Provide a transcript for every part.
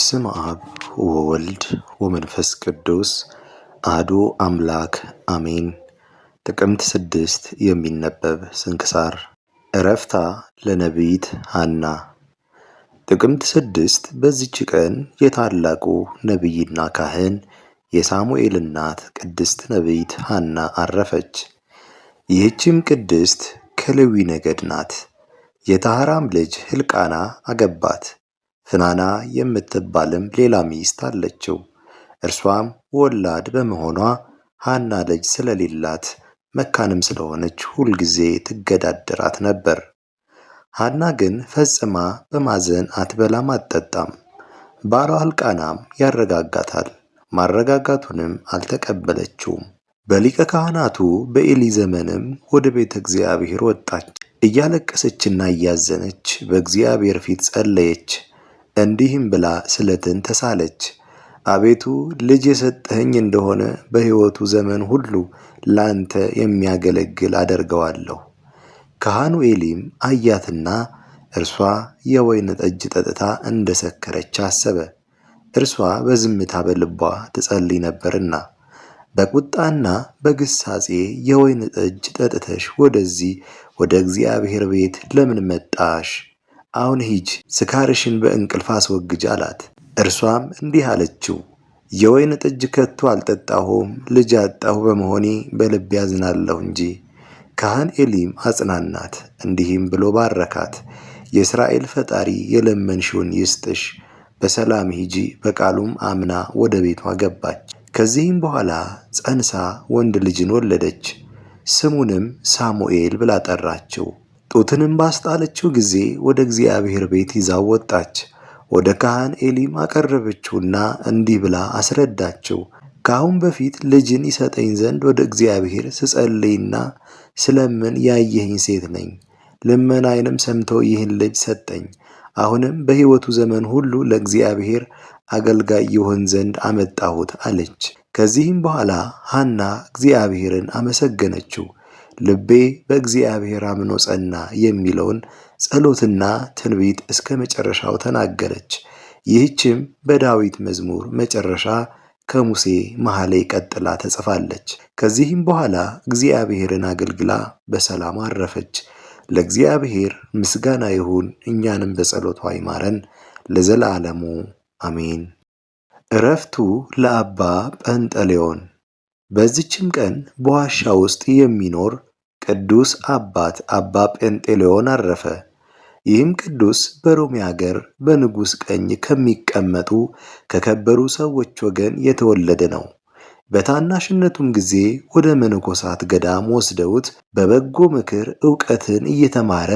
በስም አብ ወወልድ ወመንፈስ ቅዱስ አህዱ አምላክ አሜን። ጥቅምት ስድስት የሚነበብ ስንክሳር እረፍታ ለነቢይት ሐና። ጥቅምት ስድስት በዚች ቀን የታላቁ ነቢይና ካህን የሳሙኤል እናት ቅድስት ነቢይት ሐና አረፈች። ይህችም ቅድስት ከሌዊ ነገድ ናት። የታህራም ልጅ ሕልቃና አገባት። ፍናና የምትባልም ሌላ ሚስት አለችው። እርሷም ወላድ በመሆኗ ሐና ልጅ ስለሌላት መካንም ስለሆነች ሁልጊዜ ትገዳደራት ነበር። ሐና ግን ፈጽማ በማዘን አትበላም አትጠጣም። ባሏ ሕልቃናም ያረጋጋታል፣ ማረጋጋቱንም አልተቀበለችውም። በሊቀ ካህናቱ በኤሊ ዘመንም ወደ ቤተ እግዚአብሔር ወጣች፣ እያለቀሰችና እያዘነች በእግዚአብሔር ፊት ጸለየች። እንዲህም ብላ ስለትን ተሳለች። አቤቱ ልጅ የሰጠኸኝ እንደሆነ በሕይወቱ ዘመን ሁሉ ላንተ የሚያገለግል አደርገዋለሁ። ካህኑ ኤሊም አያትና እርሷ የወይን ጠጅ ጠጥታ እንደ ሰከረች አሰበ። እርሷ በዝምታ በልቧ ትጸልይ ነበርና በቁጣና በግሳጼ የወይን ጠጅ ጠጥተሽ ወደዚህ ወደ እግዚአብሔር ቤት ለምን መጣሽ? አሁን ሂጅ ስካርሽን በእንቅልፍ አስወግጅ አላት። እርሷም እንዲህ አለችው፣ የወይን ጠጅ ከቶ አልጠጣሁም፣ ልጅ አጣሁ በመሆኔ በልብ ያዝናለሁ እንጂ። ካህን ኤሊም አጽናናት፣ እንዲህም ብሎ ባረካት፣ የእስራኤል ፈጣሪ የለመንሽውን ይስጥሽ፣ በሰላም ሂጂ። በቃሉም አምና ወደ ቤቷ ገባች። ከዚህም በኋላ ጸንሳ ወንድ ልጅን ወለደች። ስሙንም ሳሙኤል ብላ ጠራችው። ጡትንም ባስጣለችው ጊዜ ወደ እግዚአብሔር ቤት ይዛው ወጣች። ወደ ካህን ኤሊም አቀረበችውና እንዲህ ብላ አስረዳችው። ከአሁን በፊት ልጅን ይሰጠኝ ዘንድ ወደ እግዚአብሔር ስጸልይና ስለምን ያየኸኝ ሴት ነኝ። ልመናዬንም ሰምቶ ይህን ልጅ ሰጠኝ። አሁንም በሕይወቱ ዘመን ሁሉ ለእግዚአብሔር አገልጋይ ይሆን ዘንድ አመጣሁት አለች። ከዚህም በኋላ ሐና እግዚአብሔርን አመሰገነችው። ልቤ በእግዚአብሔር አምኖ ጸና የሚለውን ጸሎትና ትንቢት እስከ መጨረሻው ተናገረች። ይህችም በዳዊት መዝሙር መጨረሻ ከሙሴ መሐሌ ቀጥላ ተጽፋለች። ከዚህም በኋላ እግዚአብሔርን አገልግላ በሰላም አረፈች። ለእግዚአብሔር ምስጋና ይሁን፣ እኛንም በጸሎቷ ይማረን ለዘላለሙ አሜን። እረፍቱ ለአባ ጰንጠሌዮን። በዚችም ቀን በዋሻ ውስጥ የሚኖር ቅዱስ አባት አባ ጴንጤሌዎን አረፈ። ይህም ቅዱስ በሮሜ አገር በንጉሥ ቀኝ ከሚቀመጡ ከከበሩ ሰዎች ወገን የተወለደ ነው። በታናሽነቱም ጊዜ ወደ መነኮሳት ገዳም ወስደውት በበጎ ምክር ዕውቀትን እየተማረ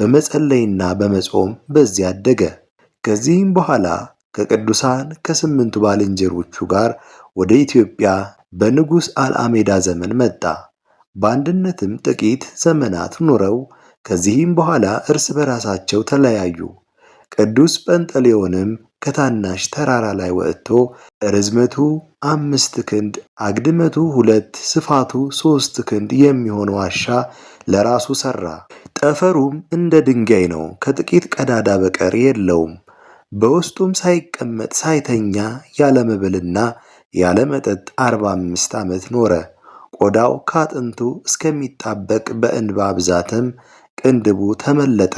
በመጸለይና በመጾም በዚያ አደገ። ከዚህም በኋላ ከቅዱሳን ከስምንቱ ባልንጀሮቹ ጋር ወደ ኢትዮጵያ በንጉሥ አልአሜዳ ዘመን መጣ። በአንድነትም ጥቂት ዘመናት ኑረው ከዚህም በኋላ እርስ በራሳቸው ተለያዩ። ቅዱስ ጰንጠሌዎንም ከታናሽ ተራራ ላይ ወጥቶ ርዝመቱ አምስት ክንድ አግድመቱ ሁለት ስፋቱ ሦስት ክንድ የሚሆን ዋሻ ለራሱ ሠራ። ጠፈሩም እንደ ድንጋይ ነው፣ ከጥቂት ቀዳዳ በቀር የለውም። በውስጡም ሳይቀመጥ ሳይተኛ ያለ መብልና ያለ መጠጥ አርባ አምስት ዓመት ኖረ። ቆዳው ከአጥንቱ እስከሚጣበቅ በእንባ ብዛትም ቅንድቡ ተመለጠ።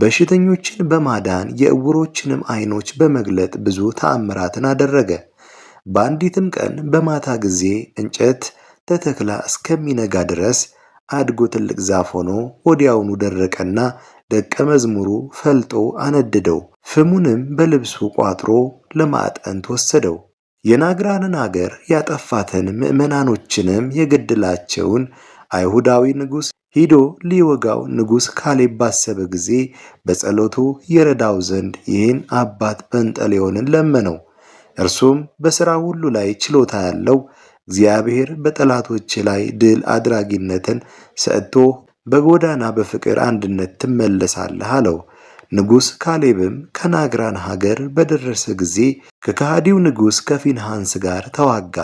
በሽተኞችን በማዳን የዕውሮችንም ዓይኖች በመግለጥ ብዙ ተአምራትን አደረገ። በአንዲትም ቀን በማታ ጊዜ እንጨት ተተክላ እስከሚነጋ ድረስ አድጎ ትልቅ ዛፍ ሆኖ ወዲያውኑ ደረቀና ደቀ መዝሙሩ ፈልጦ አነደደው። ፍሙንም በልብሱ ቋጥሮ ለማዕጠንት ወሰደው። የናግራንን አገር ያጠፋትን ምዕመናኖችንም የገድላቸውን አይሁዳዊ ንጉሥ ሂዶ ሊወጋው ንጉሥ ካሌብ ባሰበ ጊዜ በጸሎቱ የረዳው ዘንድ ይህን አባት ጰንጠሌዎንን ለመነው። እርሱም በሥራ ሁሉ ላይ ችሎታ ያለው እግዚአብሔር በጠላቶች ላይ ድል አድራጊነትን ሰጥቶ በጎዳና በፍቅር አንድነት ትመለሳለህ አለው። ንጉሥ ካሌብም ከናግራን ሀገር በደረሰ ጊዜ ከካሃዲው ንጉሥ ከፊንሃንስ ጋር ተዋጋ።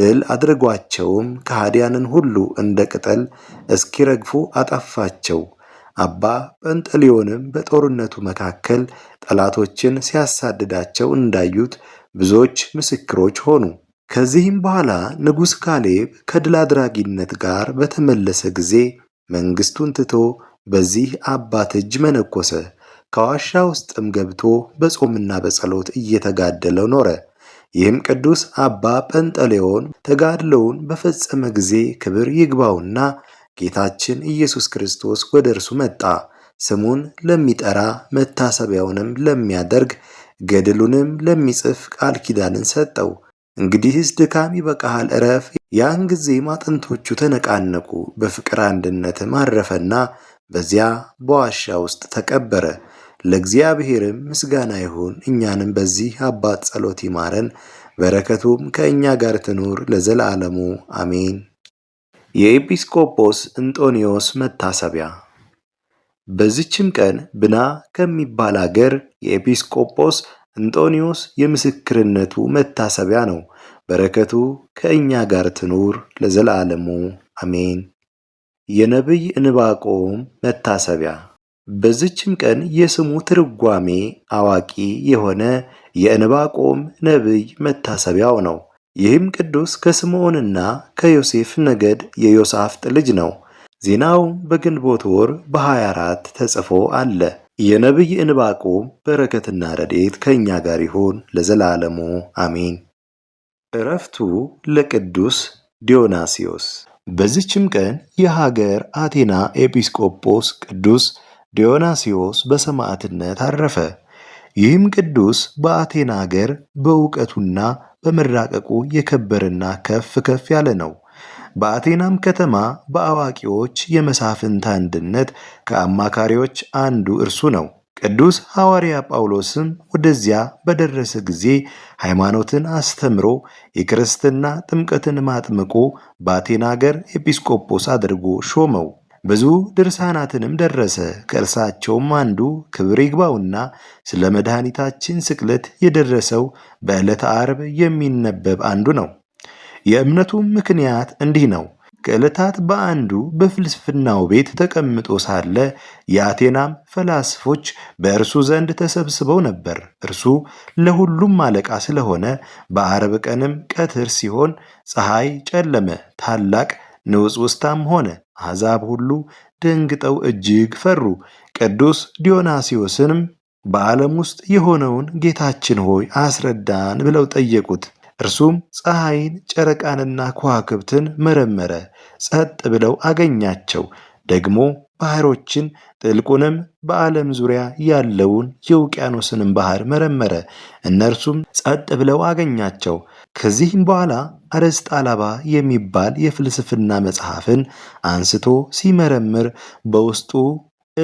ድል አድርጓቸውም ከሃዲያንን ሁሉ እንደ ቅጠል እስኪረግፉ አጠፋቸው። አባ ጰንጠሊዮንም በጦርነቱ መካከል ጠላቶችን ሲያሳድዳቸው እንዳዩት ብዙዎች ምስክሮች ሆኑ። ከዚህም በኋላ ንጉሥ ካሌብ ከድል አድራጊነት ጋር በተመለሰ ጊዜ መንግሥቱን ትቶ በዚህ አባት እጅ መነኮሰ። ከዋሻ ውስጥም ገብቶ በጾምና በጸሎት እየተጋደለ ኖረ። ይህም ቅዱስ አባ ጰንጠሌዎን ተጋድለውን በፈጸመ ጊዜ ክብር ይግባውና ጌታችን ኢየሱስ ክርስቶስ ወደ እርሱ መጣ። ስሙን ለሚጠራ መታሰቢያውንም ለሚያደርግ ገድሉንም ለሚጽፍ ቃል ኪዳንን ሰጠው። እንግዲህስ ድካም ይበቃሃል፣ እረፍ። ያን ጊዜም አጥንቶቹ ተነቃነቁ፣ በፍቅር አንድነትም አረፈና በዚያ በዋሻ ውስጥ ተቀበረ። ለእግዚአብሔርም ምስጋና ይሁን። እኛንም በዚህ አባት ጸሎት ይማረን፣ በረከቱም ከእኛ ጋር ትኑር ለዘላለሙ አሜን። የኤጲስቆጶስ እንጦንዮስ መታሰቢያ። በዚችም ቀን ብና ከሚባል አገር የኤጲስቆጶስ እንጦንዮስ የምስክርነቱ መታሰቢያ ነው። በረከቱ ከእኛ ጋር ትኑር ለዘላለሙ አሜን። የነቢይ እንባቆም መታሰቢያ በዚችም ቀን የስሙ ትርጓሜ አዋቂ የሆነ የእንባቆም ነቢይ መታሰቢያው ነው። ይህም ቅዱስ ከስምዖንና ከዮሴፍ ነገድ የዮሳፍጥ ልጅ ነው። ዜናውም በግንቦት ወር በ24 ተጽፎ አለ። የነቢይ እንባቆም በረከትና ረድኤት ከእኛ ጋር ይሁን ለዘላለሙ አሜን። እረፍቱ ለቅዱስ ዲዮናስዮስ። በዚችም ቀን የሀገር አቴና ኤጲስቆጶስ ቅዱስ ዲዮናሲዎስ በሰማዕትነት አረፈ። ይህም ቅዱስ በአቴና አገር በእውቀቱና በመራቀቁ የከበረና ከፍ ከፍ ያለ ነው። በአቴናም ከተማ በአዋቂዎች የመሳፍንት አንድነት ከአማካሪዎች አንዱ እርሱ ነው። ቅዱስ ሐዋርያ ጳውሎስም ወደዚያ በደረሰ ጊዜ ሃይማኖትን አስተምሮ የክርስትና ጥምቀትን ማጥምቆ በአቴና አገር ኤጲስቆጶስ አድርጎ ሾመው። ብዙ ድርሳናትንም ደረሰ። ከእርሳቸውም አንዱ ክብር ይግባውና ስለ መድኃኒታችን ስቅለት የደረሰው በዕለተ ዓርብ የሚነበብ አንዱ ነው። የእምነቱም ምክንያት እንዲህ ነው። ከዕለታት በአንዱ በፍልስፍናው ቤት ተቀምጦ ሳለ የአቴናም ፈላስፎች በእርሱ ዘንድ ተሰብስበው ነበር። እርሱ ለሁሉም አለቃ ስለሆነ በዓርብ ቀንም ቀትር ሲሆን ፀሐይ ጨለመ፣ ታላቅ ውስታም ሆነ አሕዛብ ሁሉ ደንግጠው እጅግ ፈሩ። ቅዱስ ዲዮናስዮስንም በዓለም ውስጥ የሆነውን ጌታችን ሆይ አስረዳን ብለው ጠየቁት። እርሱም ፀሐይን፣ ጨረቃንና ከዋክብትን መረመረ፣ ጸጥ ብለው አገኛቸው። ደግሞ ባህሮችን ጥልቁንም በዓለም ዙሪያ ያለውን የውቅያኖስንም ባህር መረመረ። እነርሱም ጸጥ ብለው አገኛቸው። ከዚህም በኋላ አርእስተ አላባ የሚባል የፍልስፍና መጽሐፍን አንስቶ ሲመረምር በውስጡ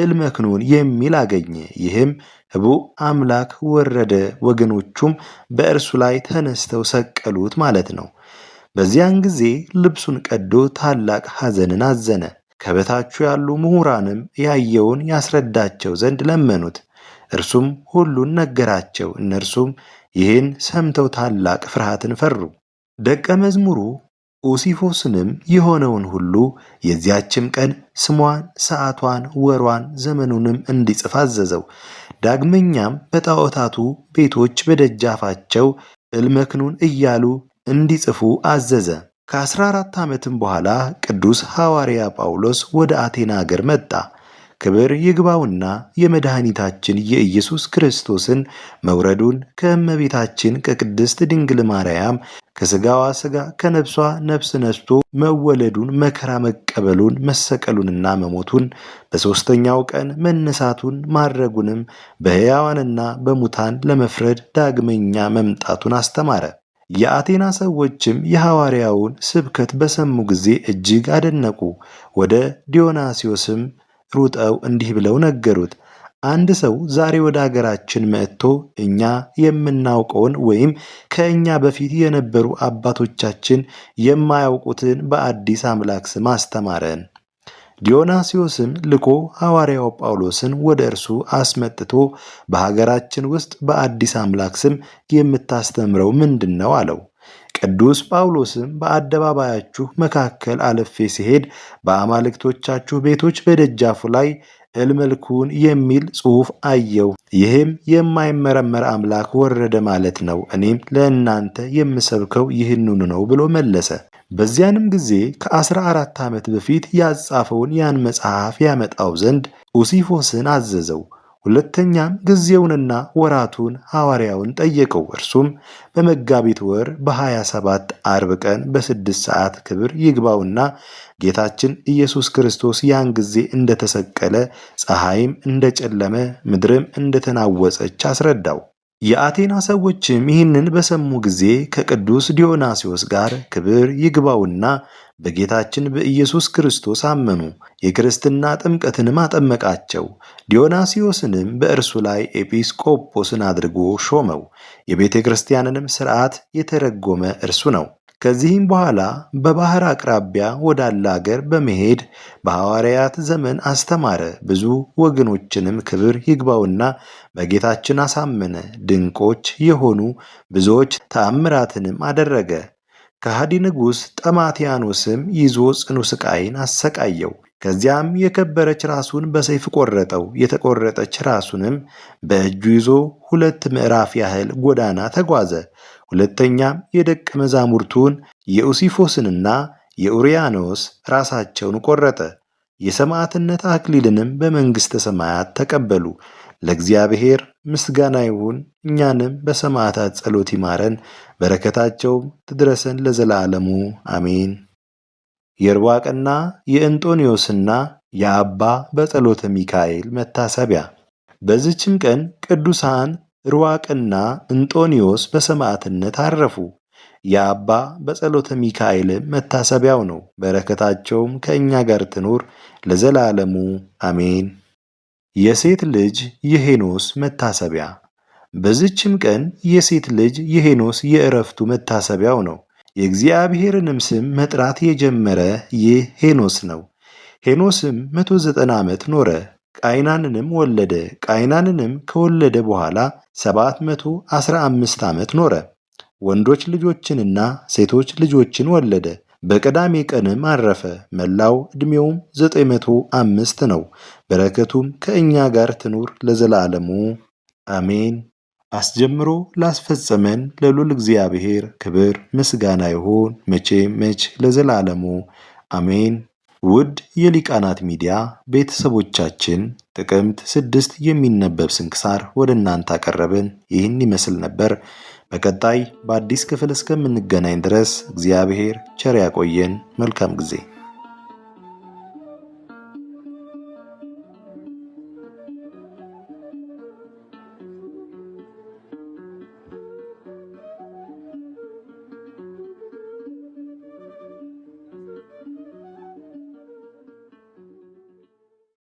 እልመክኑን የሚል አገኘ። ይህም ህቡ አምላክ ወረደ፣ ወገኖቹም በእርሱ ላይ ተነስተው ሰቀሉት ማለት ነው። በዚያን ጊዜ ልብሱን ቀዶ ታላቅ ሐዘንን አዘነ። ከበታቹ ያሉ ምሁራንም ያየውን ያስረዳቸው ዘንድ ለመኑት። እርሱም ሁሉን ነገራቸው። እነርሱም ይህን ሰምተው ታላቅ ፍርሃትን ፈሩ። ደቀ መዝሙሩ ኡሲፎስንም የሆነውን ሁሉ የዚያችም ቀን ስሟን፣ ሰዓቷን፣ ወሯን፣ ዘመኑንም እንዲጽፍ አዘዘው። ዳግመኛም በጣዖታቱ ቤቶች በደጃፋቸው እልመክኑን እያሉ እንዲጽፉ አዘዘ። ከ14 ዓመትም በኋላ ቅዱስ ሐዋርያ ጳውሎስ ወደ አቴና አገር መጣ። ክብር ይግባውና የመድኃኒታችን የኢየሱስ ክርስቶስን መውረዱን ከእመቤታችን ከቅድስት ድንግል ማርያም ከሥጋዋ ሥጋ ከነፍሷ ነፍስ ነስቶ መወለዱን መከራ መቀበሉን መሰቀሉንና መሞቱን በሦስተኛው ቀን መነሳቱን ማድረጉንም በሕያዋንና በሙታን ለመፍረድ ዳግመኛ መምጣቱን አስተማረ። የአቴና ሰዎችም የሐዋርያውን ስብከት በሰሙ ጊዜ እጅግ አደነቁ። ወደ ዲዮናስዮስም ሩጠው እንዲህ ብለው ነገሩት። አንድ ሰው ዛሬ ወደ አገራችን መጥቶ እኛ የምናውቀውን ወይም ከእኛ በፊት የነበሩ አባቶቻችን የማያውቁትን በአዲስ አምላክ ስም አስተማረን። ዲዮናሲዮስን ልኮ ሐዋርያው ጳውሎስን ወደ እርሱ አስመጥቶ በሀገራችን ውስጥ በአዲስ አምላክ ስም የምታስተምረው ምንድን ነው አለው። ቅዱስ ጳውሎስም በአደባባያችሁ መካከል አልፌ ሲሄድ በአማልክቶቻችሁ ቤቶች በደጃፉ ላይ እልመልኩን የሚል ጽሑፍ አየው ይህም የማይመረመር አምላክ ወረደ ማለት ነው። እኔም ለእናንተ የምሰብከው ይህንኑ ነው ብሎ መለሰ። በዚያንም ጊዜ ከአስራ አራት ዓመት በፊት ያጻፈውን ያን መጽሐፍ ያመጣው ዘንድ ኡሲፎስን አዘዘው። ሁለተኛም ጊዜውንና ወራቱን ሐዋርያውን ጠየቀው። እርሱም በመጋቢት ወር በ 27 አርብ ቀን በስድስት ሰዓት ክብር ይግባውና ጌታችን ኢየሱስ ክርስቶስ ያን ጊዜ እንደተሰቀለ ፀሐይም እንደጨለመ ምድርም እንደተናወፀች አስረዳው። የአቴና ሰዎችም ይህንን በሰሙ ጊዜ ከቅዱስ ዲዮናስዮስ ጋር ክብር ይግባውና በጌታችን በኢየሱስ ክርስቶስ አመኑ። የክርስትና ጥምቀትንም አጠመቃቸው። ዲዮናስዮስንም በእርሱ ላይ ኤጲስቆጶስን አድርጎ ሾመው። የቤተ ክርስቲያንንም ሥርዓት የተረጎመ እርሱ ነው። ከዚህም በኋላ በባህር አቅራቢያ ወዳለ አገር በመሄድ በሐዋርያት ዘመን አስተማረ። ብዙ ወገኖችንም ክብር ይግባውና በጌታችን አሳመነ። ድንቆች የሆኑ ብዙዎች ተአምራትንም አደረገ። ከሃዲ ንጉሥ ጠማቲያኖስም ይዞ ጽኑ ሥቃይን አሰቃየው። ከዚያም የከበረች ራሱን በሰይፍ ቆረጠው። የተቆረጠች ራሱንም በእጁ ይዞ ሁለት ምዕራፍ ያህል ጎዳና ተጓዘ። ሁለተኛም የደቀ መዛሙርቱን የኡሲፎስንና የኡሪያኖስ ራሳቸውን ቆረጠ። የሰማዕትነት አክሊልንም በመንግሥተ ሰማያት ተቀበሉ። ለእግዚአብሔር ምስጋና ይሁን። እኛንም በሰማዕታት ጸሎት ይማረን፣ በረከታቸውም ትድረሰን ለዘላለሙ አሜን። የርዋቅና የእንጦኒዮስና የአባ በጸሎተ ሚካኤል መታሰቢያ። በዚችም ቀን ቅዱሳን ሩዋቅና እንጦኒዮስ በሰማዕትነት አረፉ። የአባ በጸሎተ ሚካኤል መታሰቢያው ነው። በረከታቸውም ከእኛ ጋር ትኑር ለዘላለሙ አሜን። የሴት ልጅ የሄኖስ መታሰቢያ። በዝችም ቀን የሴት ልጅ የሄኖስ የእረፍቱ መታሰቢያው ነው። የእግዚአብሔርንም ስም መጥራት የጀመረ ይህ ሄኖስ ነው። ሄኖስም 19 ዓመት ኖረ። ቃይናንንም ወለደ። ቃይናንንም ከወለደ በኋላ 715 ዓመት ኖረ። ወንዶች ልጆችንና ሴቶች ልጆችን ወለደ። በቀዳሜ ቀንም አረፈ። መላው ዕድሜውም 905 ነው። በረከቱም ከእኛ ጋር ትኑር ለዘላለሙ አሜን። አስጀምሮ ላስፈጸመን ለሉል እግዚአብሔር ክብር ምስጋና ይሁን መቼ መች ለዘላለሙ አሜን። ውድ የሊቃናት ሚዲያ ቤተሰቦቻችን ጥቅምት ስድስት የሚነበብ ስንክሳር ወደ እናንተ አቀረብን። ይህን ይመስል ነበር። በቀጣይ በአዲስ ክፍል እስከምንገናኝ ድረስ እግዚአብሔር ቸር ያቆየን። መልካም ጊዜ